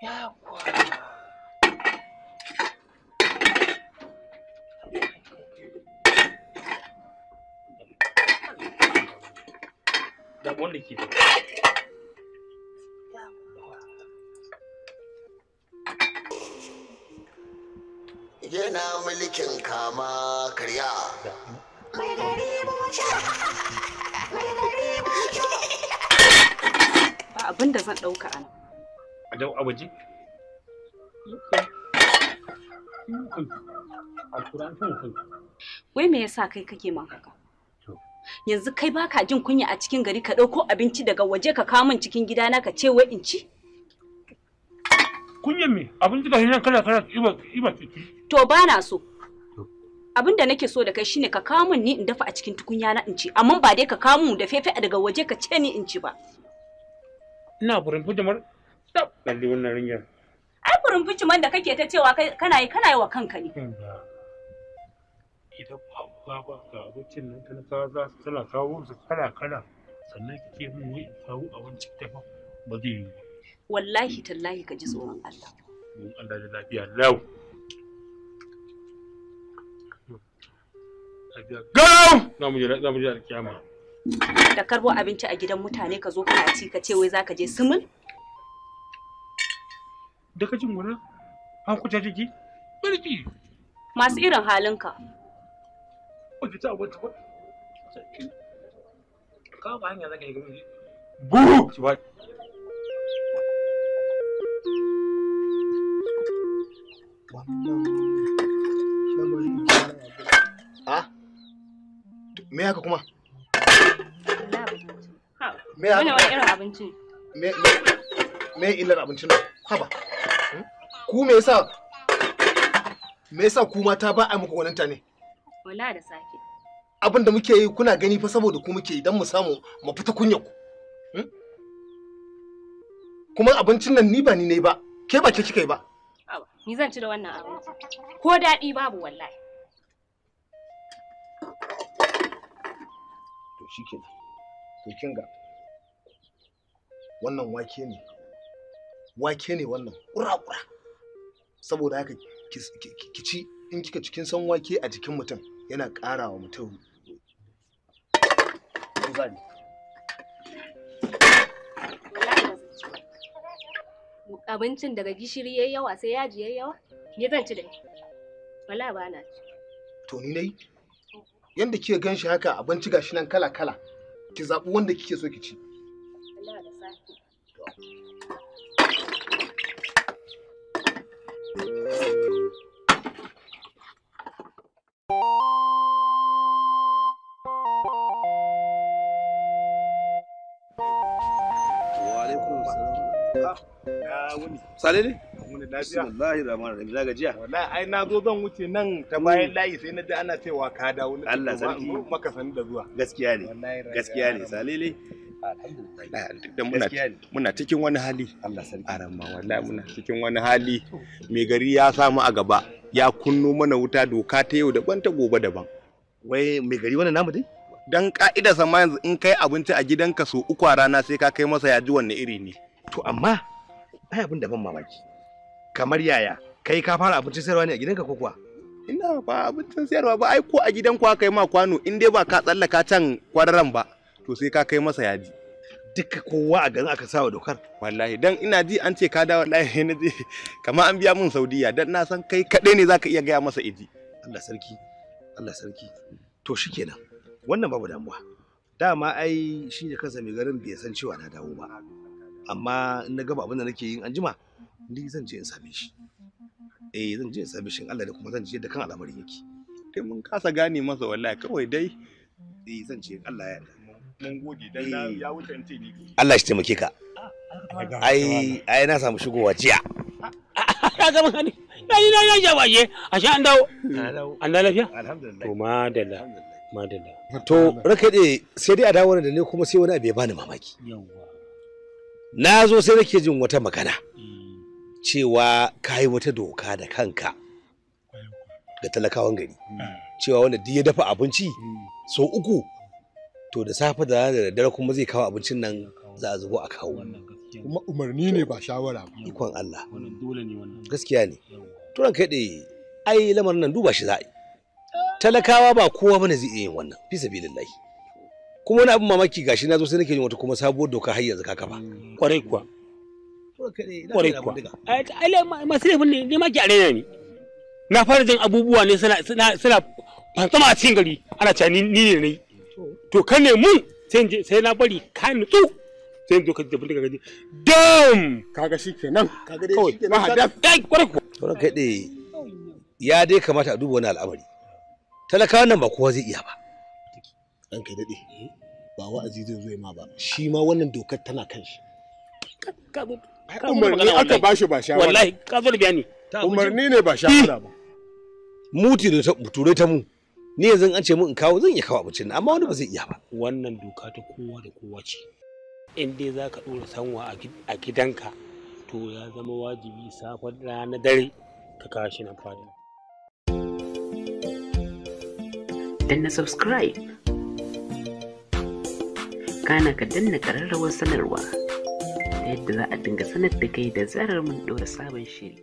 da wanda ke da yana mulkin kama karya mai gari ba abin zan ɗauka a nan a waje wai me yasa kai kake man haka yanzu kai baka jin kunya a cikin gari ka ɗauko abinci daga waje ka kawo min cikin gidana ka ce wai in ci Kunya me abinci da hanyar kana kana iba ci to ba na so abin da nake so da kai shine ka kawo min ni in dafa a cikin tukunya na in ci amma ba dai ka kawo mu da fefe daga waje ka ce ni in ci ba ina burin fujimar Lalle wannan ringin. Ai furin man da kake ta cewa kana yi kana yi wa kanka ne. Idan ba ba ga abincin nan talakawa za su tana kawo su kala kala sannan ki ce mun wai kawo abincin ta ba zai yi ba. Wallahi tallahi ka ji tsoron Allah. Mun Allah da lafiya lau. Gawo! Za mu je za mu Da karbo abinci a gidan mutane ka zo kana ci ka ce wai za ka je sumul? da ka jin wani kuta jiki barci masu irin halinka ta abuwa Ah, me haka kuma? Me haka? kuma? abinci? illar abincin? Haba. ku me yasa me yasa ku mata ba a muku gwaninta ne wala da safe abin da muke yi kuna gani fa saboda ku muke idan mu samu mu fita kunya ku hmm? kuma abincin nan ni ba ni ne ba ke ba ke kika yi ba ni zan ci da wannan abinci ko daɗi babu wallahi to shikenan to kin ga wannan wake ne wake ne wannan kura-kura saboda haka ki ci in kika cikin san wake a jikin mutum yana ƙara wa mutum kuzari abincin daga gishiri yayi yawa sai yaji yayi yawa ni zan ci da ni wala ba na ci to ni nayi yanda kike ganshi haka abinci gashi nan kala kala ki zabi wanda kike so ki ci Allah da safi Sale ne? Mune lafiya. Bismillahir Rahmanir Rahim. Na gajiya. Wallahi ai zo zan wuce nan ta mm. bayan layi sai na ji ana cewa ka dawo. Allah sarki. Maka sani da zuwa. Gaskiya ne. Gaskiya ne. Sale ne. muna cikin wani hali arama wallahi muna cikin wani hali mai gari ya samu a gaba ya kunno mana wuta doka ta yau daban ta gobe daban wai mai gari wani namu dai dan ka'ida sama yanzu in kai abinci a gidanka so uku a rana sai ka kai masa ya ji wanne iri ne to amma ai abin da ban mamaki kamar yaya kai ka fara abincin sayarwa ne a gidanka ko kuwa ina ba abincin sayarwa ba ai ko a gidanku aka yi ma kwano in dai ba ka tsallaka can kwararan ba to sai ka kai masa yaji duka kowa a garin aka sawa dokar wallahi dan ina ji an ce ka dawo wallahi na ji kamar an biya mun saudiya dan na san kai kadai ne zaka iya gaya masa iji Allah sarki Allah sarki to shikenan wannan babu damuwa dama ai shi da kansa mai garin bai san cewa na dawo ba amma in na gaba abin da nake yin anjima ni zan je in same shi eh zan je in same shi Allah da kuma zan je da kan al'amarin yake kai mun kasa gane masa wallahi kawai dai eh zan je Allah ya yarda mun gode dan ya wuce ni Allah shi taimake ka ai ai na samu shigowa jiya Ya ga mun hani yayi na ya ja waje a sha an dawo an dawo lafiya alhamdulillah to madalla madalla to raka dai sai dai a dawo da ne kuma sai wani abu ya bani mamaki na zo sai nake jin wata magana cewa ka yi wata doka da kanka ga talakawan gari hmm. cewa wanda duk ya dafa abinci hmm. sau uku to da safe da da daddare kuma zai kawo abincin nan za a zubo a kawo kuma umarni ne ba shawara ba ikon Allah gaskiya ne to kai dai ai lamarin nan duba shi za a yi talakawa ba kowa bane zai iya wannan fi sabilillahi kuma wani abin mamaki gashi na zo sai nake yin wata kuma sabuwar doka har yanzu ka kafa mm. kwarai kuwa kwarai kuwa ai masu laifin ne ne ma ne na fara jin abubuwa ne suna suna a cikin gari ana cewa ni ne ne to ka ne mun sai je sai na bari ka nutsu sai zo ka tafi daga gaji dam kaga shikenan kaga dai shikenan ba da kai kwarai ko to kai dai ya dai kamata a duba wannan al'amari talaka wannan ba kowa zai iya ba an kai dade ba wa'azi zai zo ma ba shi ma wannan dokar tana kan shi umarni aka ba shi ba shawara wallahi ka zo da bayani umarni ne ba shawara ba muti da turai ta mu ni yanzu an ce mu in kawo zan iya kawo abincin nan amma wani ba zai iya ba wannan doka ta kowa da kowa ce in dai za ka ɗora sanwa a gidanka to ya zama wajibi safar rana dare ka kawo shi nan fada danna subscribe kana ka danna kararrawar sanarwa ta yadda za a dinga sanar da kai da zarar mun ɗora sabon shiri